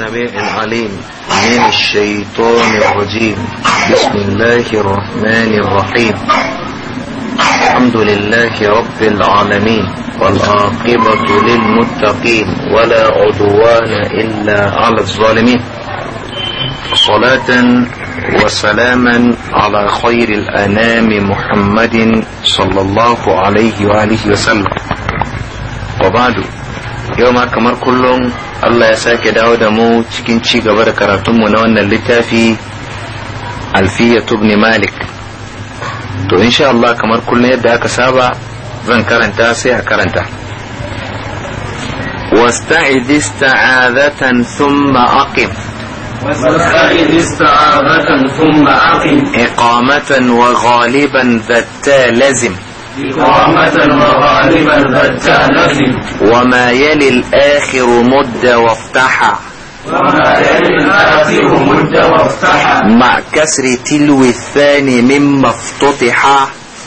السميع العليم من الشيطان الرجيم بسم الله الرحمن الرحيم الحمد لله رب العالمين والعاقبة للمتقين ولا عدوان إلا على الظالمين صلاة وسلاما على خير الأنام محمد صلى الله عليه وآله وسلم وبعد يوم كمر كلهم Allah ya sake dawo da mu cikin ci gaba da karatunmu na wannan littafi alfiya tubni malik to insha Allah kamar kullum yadda aka saba zan karanta sai a karanta واستعذ استعاذة ثم أقم واستعذ استعاذة ثم أقم إقامة وغالبا ذا لزم وما يلي الآخر مد وافتحا وما يلي الآخر مد وافتحا مع كسر تلو الثاني مما افتتحا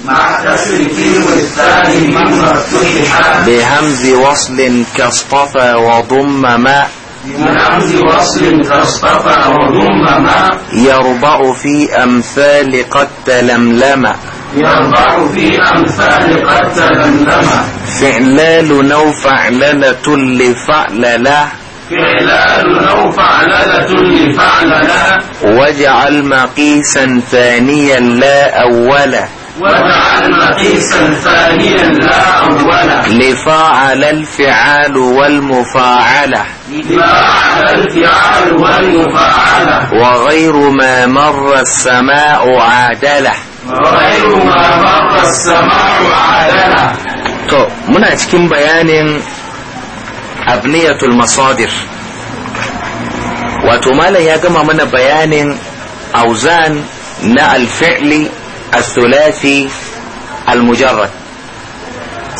مع كسر تلو الثاني مما افتتحا بهمز وصل كاصطفى وضم ما بهمز وصل كاصطفى وضم ما يربع في أمثال قد تلملما ينبع في أمثال قد تبنما فعلال نو فعللة لفعللة فعلال أو فعللة لفعللة واجعل مقيسا ثانيا لا أولا واجعل مقيسا ثانيا لا أولا لفاعل الفعال والمفاعلة لفاعل الفعال والمفاعلة وغير ما مر السماء عادله رأيت ما مر السماء عادنا to muna cikin bayanin abniyatul masadir wato malam ya gama mana bayanin auzan na alfi'li al-thulathi al-mujarrad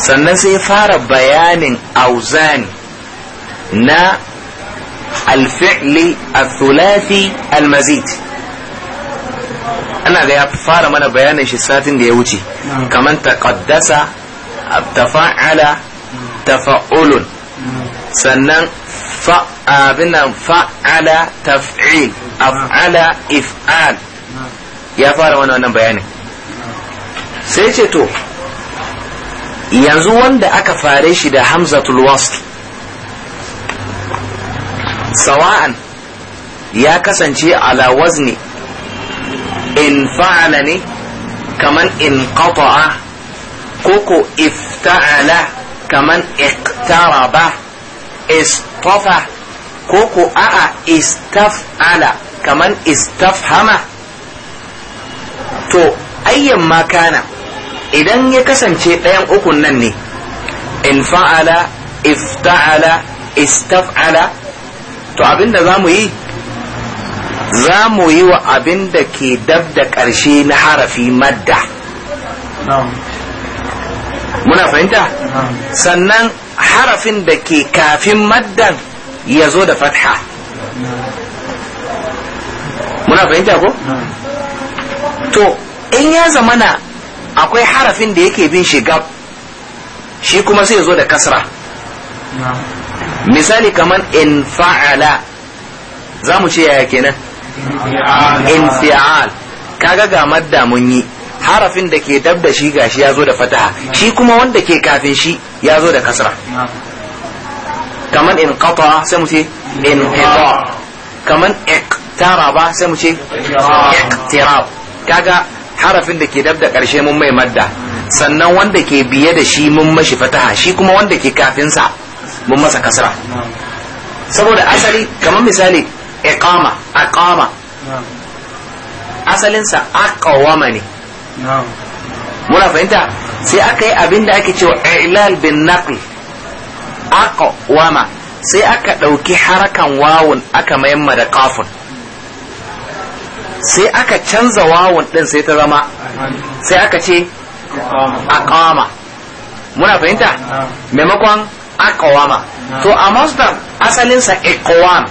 sannan sai fara bayanin auzan na alfi'li al-thulathi al-mazid ana ga ya fara mana bayanin shi satin da ya wuce kamar taqaddasa tafa'ala tafa'ulun sannan abin nan fa'ala taf'il af'ala if'al ya fara mana wannan bayanin sai ce to yanzu wanda aka fare shi da hamzatul wasl sawa'an ya kasance ala wazni in fa'ala ne kaman in qata'a koko ifta'ala kaman iqtaraba istafa koko a'a istaf'ala kaman istafhama to ayyan ma kana idan ya kasance ɗayan ukun nan ne in fa'ala ifta'ala istaf'ala to abinda za mu yi za mu yi wa abin da ke dab da ƙarshe na harafi madda muna fahimta sannan harafin da ke kafin maddan ya zo da fatha muna fahimta ko? to in ya zamana akwai harafin da yake bin shiga shi kuma sai ya zo da kasra misali kamar in fa'ala za mu ce yaya kenan infial kaga ga madda mun yi harafin da ke dab da shi gashi ya zo da fataha shi kuma wanda ke kafin shi ya zo da kasra kaman in qata sai mu ce in qata kaman iktaraba sai mu ce iktirab kaga harafin da ke dab da karshe mun mai madda sannan wanda ke biye da shi mun mashi fataha shi kuma wanda ke kafin sa mun masa kasra saboda asali kaman misali iqama aqama asalinsa aqawama ne muna fahimta sai aka yi abin da ake cewa ilal bin naql aqawama sai aka ɗauki harakan wawun aka mayamma da kafin sai aka canza wawun din sai ta zama sai aka ce aqama muna fahimta maimakon aqawama to a masdar asalinsa iqwam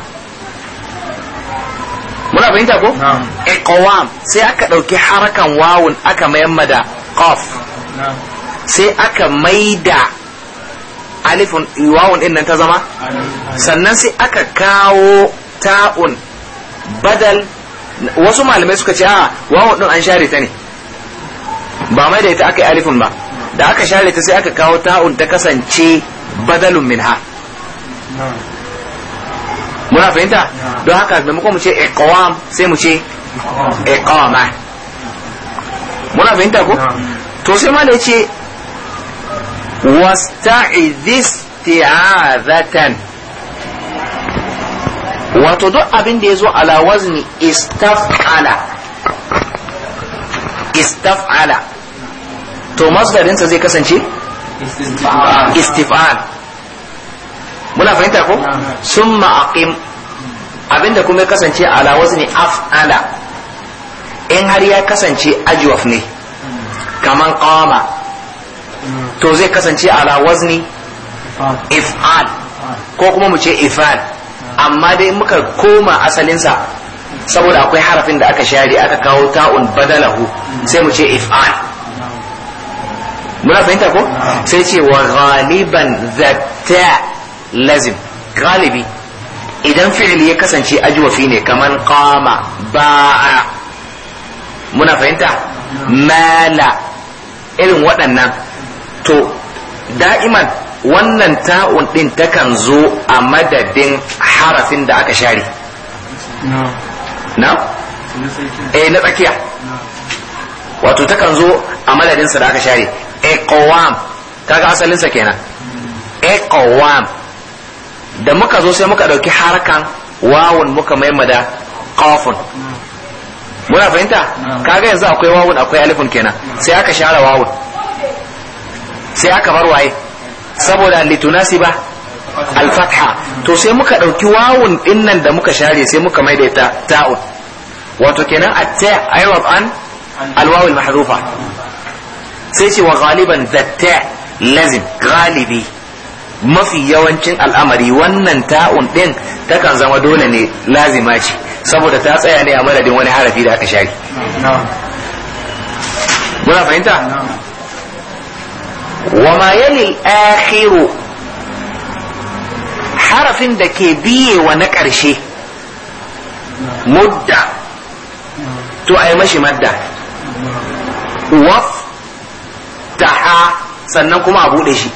muna fahimta ko iqwam sai aka dauki harakan wawun aka mayamma da qaf sai aka maida alifun wawun din nan ta zama sannan sai aka kawo ta'un badal wasu malamai suka ce a wawun din an share ta ne ba mai da ita aka yi alifun ba da aka share ta sai aka kawo ta'un ta kasance badalun minha muna fahimta don haka maimakon mu ce iqwam sai mu ce iqama muna fahimta ko to sai ma da yace wasta'idhis isti'azatan wato duk abin da ya zo ala wazni istaf'ala istaf'ala to masdarinsa zai kasance istif'al muna fahimta ko summa aqim abinda kuma ya kasance ala wazni af'ala in har ya kasance ajwaf ne kaman qama to zai kasance ala wazni if'al ko kuma mu ce if'al amma dai muka koma asalinsa saboda akwai harafin da aka share aka kawo ta'un badalahu sai mu ce if'al muna fahimta ko sai ce wa ghaliban zatta lazim galibi idan fi'ili ya kasance ajwafi ne kamar qama ba'a muna fahimta mala irin waɗannan to da'iman wannan ta'un ɗin takan zo a madadin harafin da aka share na? eh na tsakiya wato takan zo a madadinsa da aka share ekowam kaga asalinsa kenan hmm. ekowam da muka zo sai muka ɗauki harkan wawun muka maimada kafin muna fahimta kaga yanzu akwai wawun akwai alifin kenan sai aka share wawun sai aka bar waye saboda litunasi ba alfatha to sai muka ɗauki wawun ɗinnan da muka share sai muka maida ita ta'un wato kenan atta ayyub an alwawul mahrufa sai ce wa da zatta lazim galibi. mafi yawancin al'amari wannan ta'un ɗin takan zama dole ne lazima ce saboda ta tsaya ne a madadin wani harafi da aka shari muna fahimta wa ma yali akhiru harafin da ke biye wa na ƙarshe mudda to a yi mashi madda waf taha sannan kuma a buɗe shi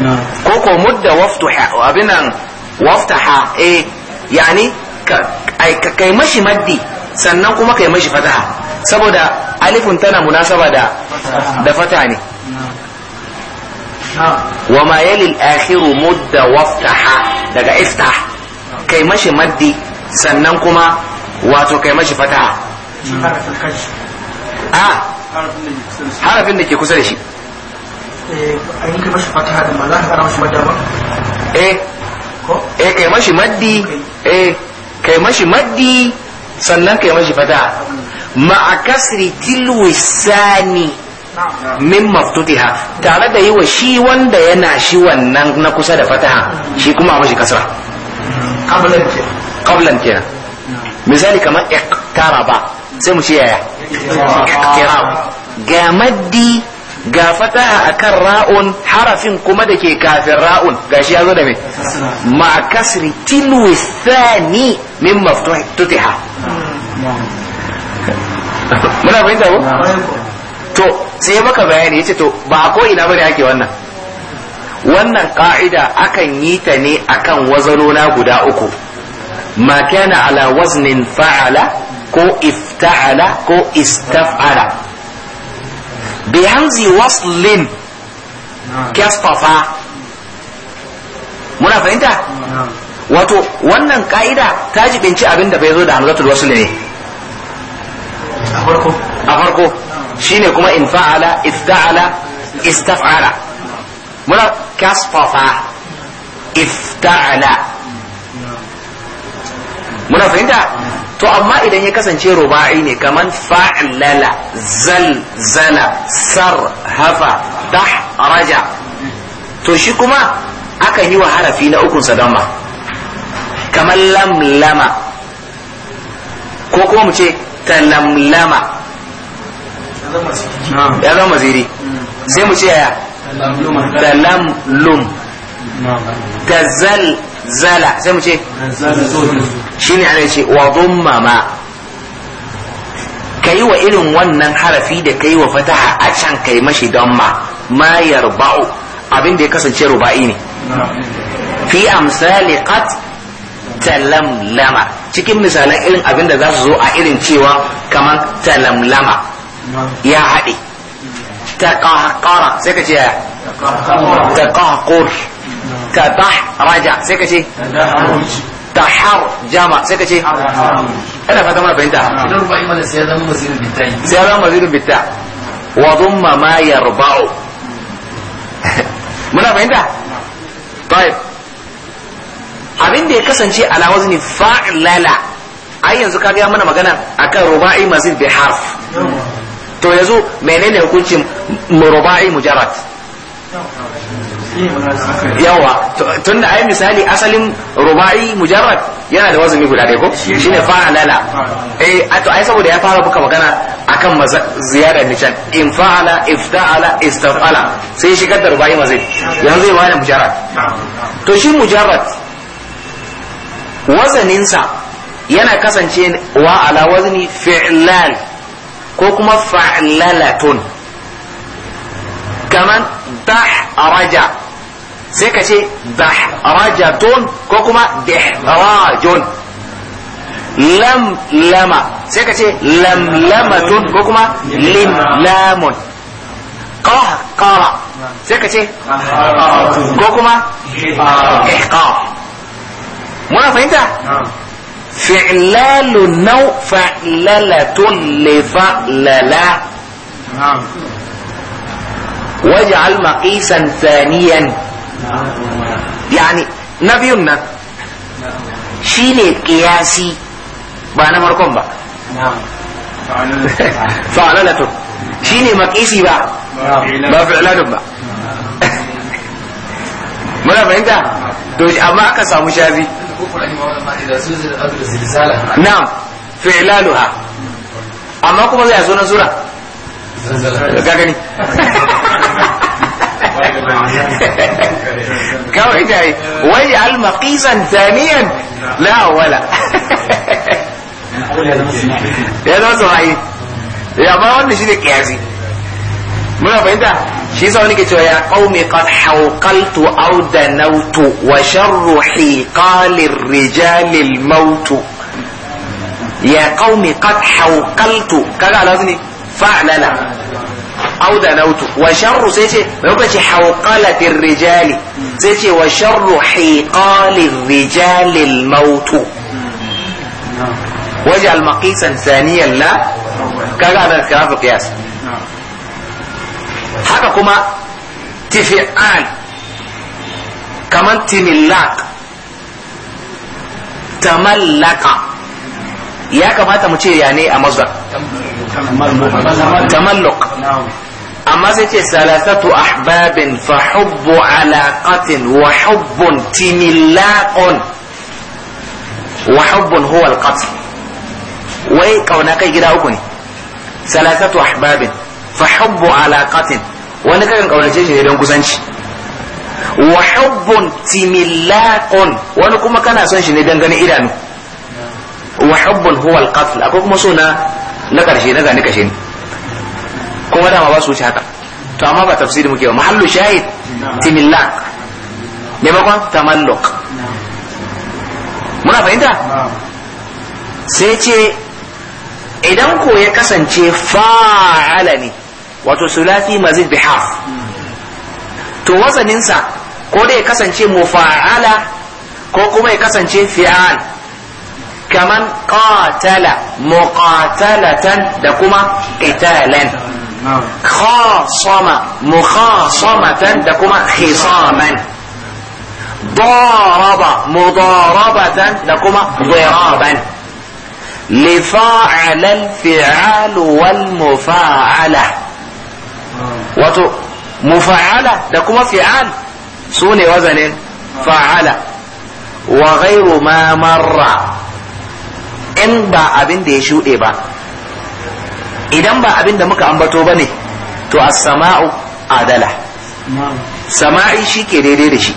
ko ko mudda waftuha abinan waftaha eh yani ka kai mashi maddi sannan kuma kai mashi fataha saboda alifun tana munasaba da da fataha ne wa ma yali al akhir mudda waftaha daga iftah kai mashi maddi sannan kuma wato kai mashi fataha a ah, harafin da ke kusa da shi kai mashi fataha eh. eh kai mashi maddi eh kai mashi maddi sannan kai mashi fataha ma'a kasri tilwisani min maftutiha tare da yi wa shi wanda yana shi wannan na kusa da fataha shi kuma mashi kasra qablan kenan misali kamar ba sai mu shi yaya iqtirab ga maddi ga fataha kan ra'un harafin kuma da ke kafin ra'un gashi ya zo da mai ma kasri tilwi thani min tuti tutiha muna fahimta ko to sai maka bayani yace to ba ko ina bane ake wannan wannan ka'ida akan yi ta ne akan wazanona guda uku ma kana ala waznin fa'ala ko ifta'ala ko istaf'ala bihamzi waslin kasfafa muna fahimta wato wannan ka'ida ta jibinci abin da bai zo da hamzatul wasl ne a farko shine kuma in fa'ala ifta'ala istaf'ala muna kasfafa ifta'ala muna fahimta to amma idan ya kasance ruba'i ne kaman fa'lala zalzala dah raja to shi kuma akan yi wa harafi na ukun sadama damma kaman lamlama ko kuma mu ce talamlama ya zama ziri sai mu ce ya Ta zal. zala sai mu ce shine ana ce wa dhamma ma kai wa irin wannan harafi da kai wa fataha a can kai mashi don ma yarba'u abin da ya kasance ruba'i ne fi amsali qat talamlama cikin misalan irin abin da za su zo a irin cewa kamar talamlama ya haɗe ta sai ka ce ta ka raja sai ka ce tahar jama sai ka ce Ina fata mana fahimta mana sai ya zama mazirin bitta sai zama mazirin bitta wa dhumma ma yarba'u muna fahimta طيب abin da ya kasance ala wazni fa'lala ai yanzu ka ga mana magana akan ruba'i mazid bi harf to yanzu menene hukuncin ruba'i mujarrad yawa tunda ai misali asalin rubai mujarrad yana da wazumi guda ɗaya ko shine fa'alala eh to ai saboda ya fara buka magana akan ziyarar can in fa'ala ifta'ala istaf'ala sai shigar da rubai mazai yanzu ya wani mujarrad to shi mujarrad wazaninsa yana kasance wa ala wazni fi'lan ko kuma fa'lalatun kaman araja. sai ka ce dahrajatun ko kuma dahrajun lam lama sai ka ce lam lamatun ko kuma lim lamun qahqara sai ka ce ko kuma ihqar muna fahimta fi'lalu naw fa'lalatun li fa'lala واجعل مقيسا ثانيا yani na biyun nan shi ne ƙiyasi ba na markon ba fa'alalatu shi ne makisi ba ba fi'alalun ba muna fahimta to amma aka samu shafi. Na na'am fi'laluha amma kuma zai zo na sura ga gani كم إيه ويجعل مقيسا ثانيا لا ولا يا لو سمعي يا ما هو نشيد مرة منا بعدا صار لك يا قومي قد حوقلت أو دنوت وشر حيقال الرجال الموت يا قومي قد حوقلت كذا لازني فعلنا aw danautu wa sharru sai ce rabu hawqalatir rijali sai ce wa sharru hiqalir rijalil mautu waj'al maqisan thaniyan la kaga da kafa qiyas haka kuma tifi'al kaman timillaq tamallaka ya kamata mu ce ya ne a mazda tamalluk amma sai ce salasatu ahbabin fa hubbu alaqatin wa hubbun timillaqun wa hubbun huwa alqatl wai kauna kai gida uku ne salasatu ahbabin fa hubbu alaqatin wani kakan kaunace shi ne don kusanci wa hubbun timillaqun wani kuma kana son shi ne don ganin idanu wa hubbun huwa alqatl akwai kuma so na na karshe na gani kashe ne kuma dama ba su wuce haka to amma ba tafsiri muke ba mahallu shahid timillak maimakon tamalluk muna fahimta sai ce idan ko ya kasance fa'ala ne wato sulafi mazid haf to wazaninsa ko da ya kasance mufa'ala ko kuma ya kasance fi'al kaman qatala muqatalatan da kuma qitalan نعم. خاصم مخاصمة لكما خصاما ضارب مضاربة لكما ضرابا لفاعل الفعال والمفاعلة نعم. وتو لكما فعال سوني وزن فعل وغير ما مر إن با أبن دي إبا idan ba abin da muka ambato bane to as-sama'u adala sama'i shi ke daidai da shi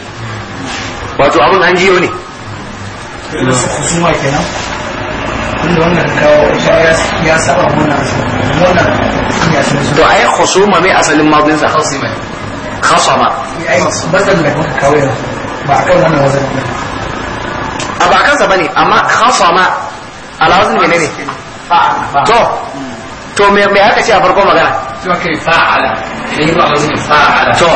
wato abin an jiyo ne to ai khusuma mai asalin madin sa khusuma khusuma ai bazan da kuka kawo ba akan wannan wazan a ba kansa bane amma khasama ne. wazan menene to to me me aka ce a farko magana cewa kai fa'ala sai ba wani fa'ala to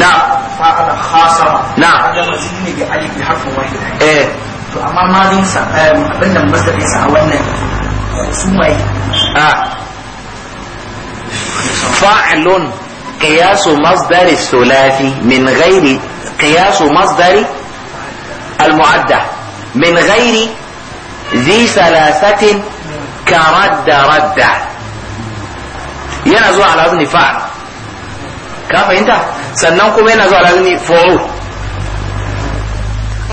na fa'ala khasara na da zikri bi alif bi harfin wahid eh to amma madin sa abin da masarin sa a wannan su mai a fa'alun قياس مصدر الثلاثي من غير قياس مصدر المعدة من غير zi salasatin ka radda radda yana zuwa ala fa ka fahimta sannan kuma yana zuwa ala wazni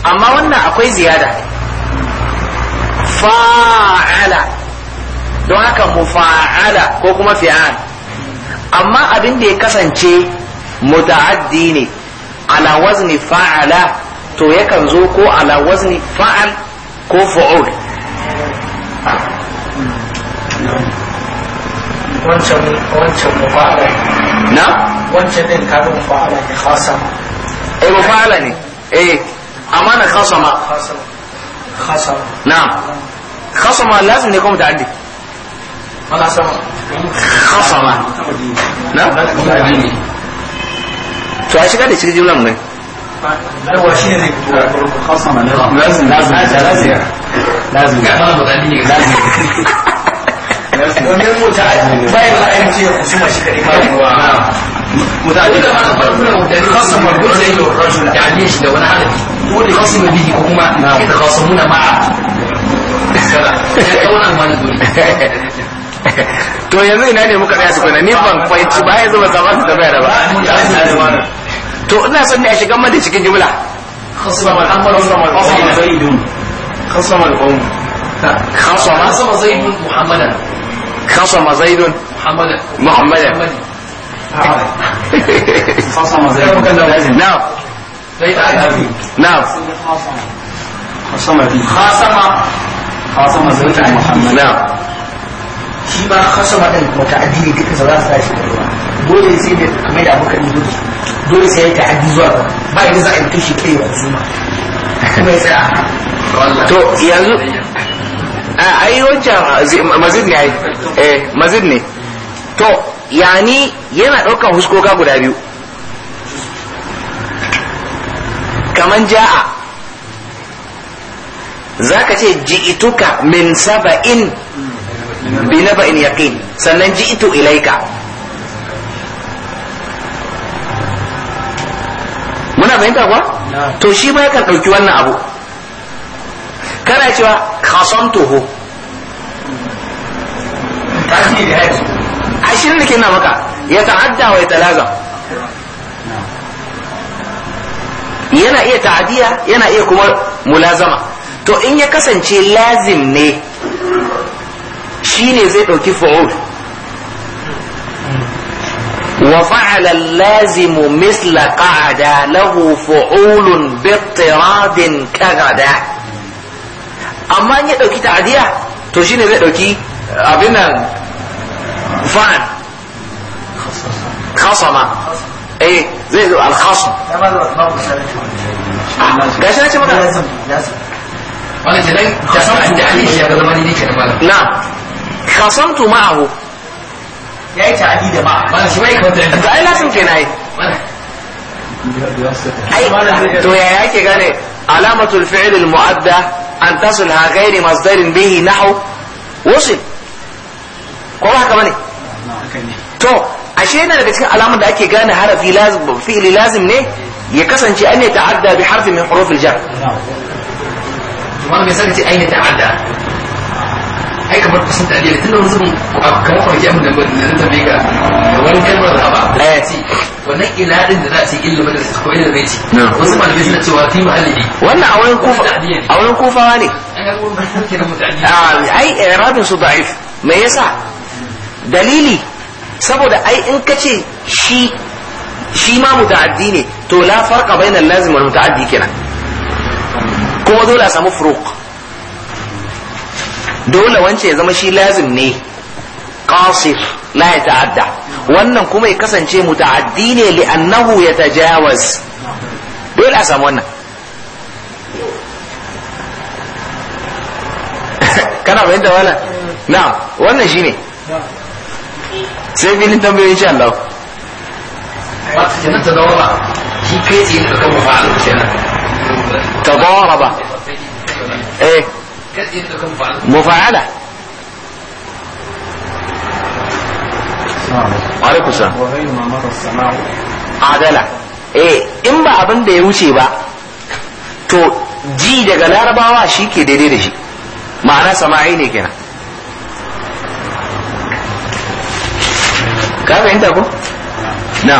amma wannan akwai ziyada fa'ala don haka fa'ala ko kuma fi'al amma abin da ya kasance muta'addi ne ala wazni fa'ala to yakan zo ko ala wazni fa'al ko fa'ul wancan wancan mufa'ala na wancan din ka mufa'ala ne khasama eh mufa'ala ne eh amma na khasama khasama na'am khasama lazim ne kuma ta'addi khasama na to a shiga da cikin jimlan ne هو شيء خصم لازم لازم لازم لازم لازم domin muta bayan a yanci ya kusa mashi kare ma ruwa muta a duka mana farko da kasu margo zai yi rajula da ame shi da wani harafi wanda kasu mai bihi kuma ita kasu muna ma'a to yanzu ina ne muka tsaya tukuna ni ban fahimci ba yanzu ba za su tafiya da ba to ina son ne a shigan mana cikin jimla خصم الأمر خصم زيد خصم القوم خصم زيد محمدا خصم زيد محمدا محمدا خصم زيد نعم زيد نعم خصم خاصم خاصم زيد محمدا نعم shi ma kasama din muta'addi ne duka za su tashi da dole sai da kamar da abokan yi dole dole sai ya yi ta'addi zuwa ba ba yadda za a yi mutum shi kai wa zuma kuma ya tsaya to yanzu a eh, ai wancan ah, mazid ne ai eh mazid ne to yani yana ɗaukan huskoka guda biyu kaman ja'a zaka ce ji'ituka min saba'in bi naba'in yaqin sannan ji'itu ilaika muna fahimta kuwa to shi ma yakan ɗauki wannan abu kana cewa khasamtuhu ashirin da ke na maka ya ta'adda wa ya talaza yana iya ta'adiyya yana iya kuma mulazama to in ya kasance lazim ne shine zai ɗauki fa'ul wa fa'ala lazimu misla qa'ada lahu fu'ulun bi ittiradin kagada amma in ya ɗauki ta'adiyya to shine zai ɗauki abin nan fa'an khasama eh zai zo alkhasu ga shi na ce mana wani ce dai kasamtu da ali ya ga zama ne ke da malam na kasamtu ma'ahu yayi ta'adi da ma'a malam shi bai kwanta da ai lasin kenan ai ai to yaya yake gane alamatul fi'l al mu'adda an tasul ha gairi masdarin bihi nahu wasil ko ba haka bane to ashe yana daga cikin alamun da ake gane harafi lazim fi'li lazim ne ya kasance an ya ta'adda bi harfi min hurufil jar kuma me sai ce an ya ta'adda ai kamar ku sun dade tun wani zubin kamar kwarki abin da ba da nan ga wani kalmar da ba A ya ce wannan ila da za a ce illa da ta koyi da zai ci wasu malamai suna cewa fi muhallibi wannan a wurin kufa a wurin kufa ne ah, ai irabin su da'if me yasa dalili saboda ai in kace shi shi ma muta'addi ne to la farqa bainal lazim wal muta'addi kenan kuma dole a samu furuq dole wancan ya zama shi lazim ne qasir la ya ta'adda wannan kuma ya kasance muta'addi ne li'annahu ya tajawaz dole a samu wannan kana fahimta wala na wannan shine sai filin tambayoyi insha Allah تضارب ايه mufa'ala alaikum salam adala eh in ba abin da ya wuce ba to ji daga larabawa shi ke daidai da shi ma'ana sama'i ne kenan ka fahimta ko na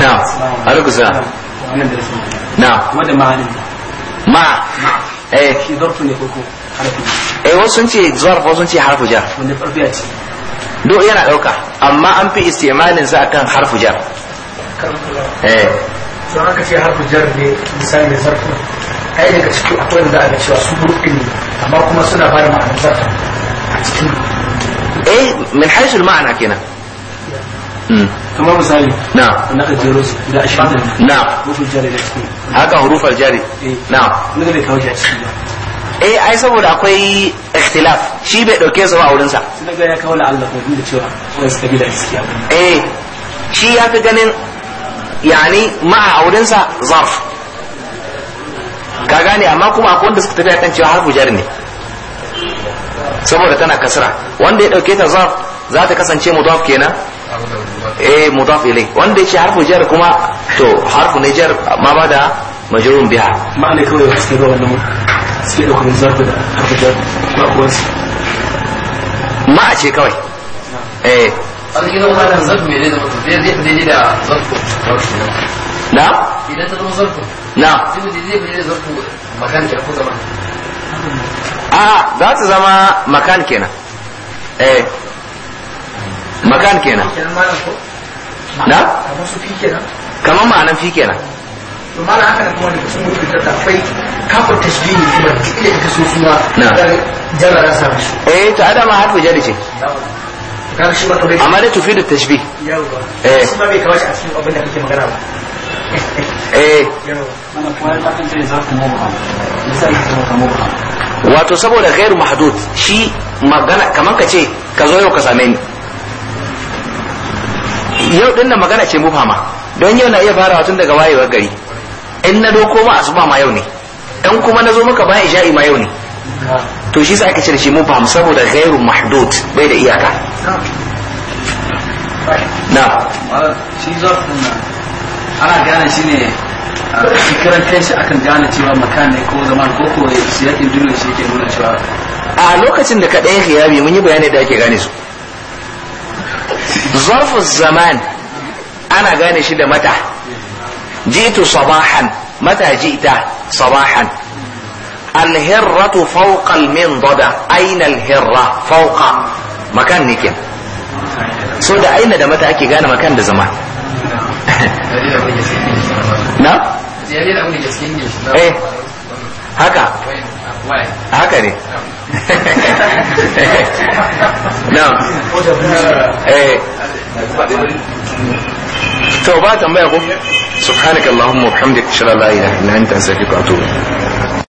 na alaikum salam na wadda ma'anin ma eh shi zarfu ne ko harfi eh wasu sun ce zarfu wasu ce harfu jar wanda farfiya ce do yana dauka amma an fi istimalin sa akan harfu jar eh to aka ce harfu jar ne misali ne zarfu ai daga ciki akwai wanda aka cewa su burki ne amma kuma suna ba da ma'anar zarfu a cikin eh min haisul ma'ana kenan kamar misali na na ka jero su da ashirin na hurufin jari da ciki haka hurufar jari eh. na wanda bai kawo shi ciki ba eh ai saboda akwai ikhtilaf shi bai dauke su ba a wurinsa sai daga ya kawo Allah ko da cewa wani su kabila ciki eh shi ya fi ganin yani ma'a a wurinsa zarf ka gane amma kuma akwai wanda suka tafi kan cewa harfu jari ne saboda tana kasra wanda ya dauke ta zarf za ta kasance mudaf kenan eh mudaf ilai wanda yake harfu jar kuma to harfu ne jar ma ba da majrurun biha ma'ana kawai suke da wannan suke da kuma zarfu da harfu jar ba kuwa ma ce kawai eh sarki da wannan zarfu ne da mutum zai zai da zarfu na idan ta zama zarfu na zai zai da zarfu makan ko zaman a za su zama makan kenan eh makan kenan da kamar ma'anan fi kenan mana haka kuma da da akwai kafin tashbihi kuma da suna sa shi eh adama harfi jari ce amma da tufi da eh kuma bai a cikin abin da kake magana ba eh wato saboda ghairu mahdud shi magana kamar ka ce ka zo yau ka same ni yau din nan magana ce mu fama don yau na iya farawa tun daga wayewar gari in na doko ma asuba ma yau ne dan kuma na zo maka bayan isha'i ma yau ne to shi sa aka ce shi mu fama saboda ghairu mahdud bai da iyaka na shi zafin ana gane shi ne shi kai shi akan gane cewa makan ne ko zaman ko ko siyakin duniya shi ke nuna cewa a lokacin da ka ɗaya khiyami mun yi bayani da ake gane su zarfu zaman ana gane shi da mata jitu sabahan mata jita sabahan alhirratu min almindada aina alhirra fawqa makan nake so da aina da mata ake gane makan da zama na eh haka haka ne na'am eh to ba tambaya ko subhanakallahumma wa bihamdika ashhadu an la ilaha illa anta astaghfiruka wa atubu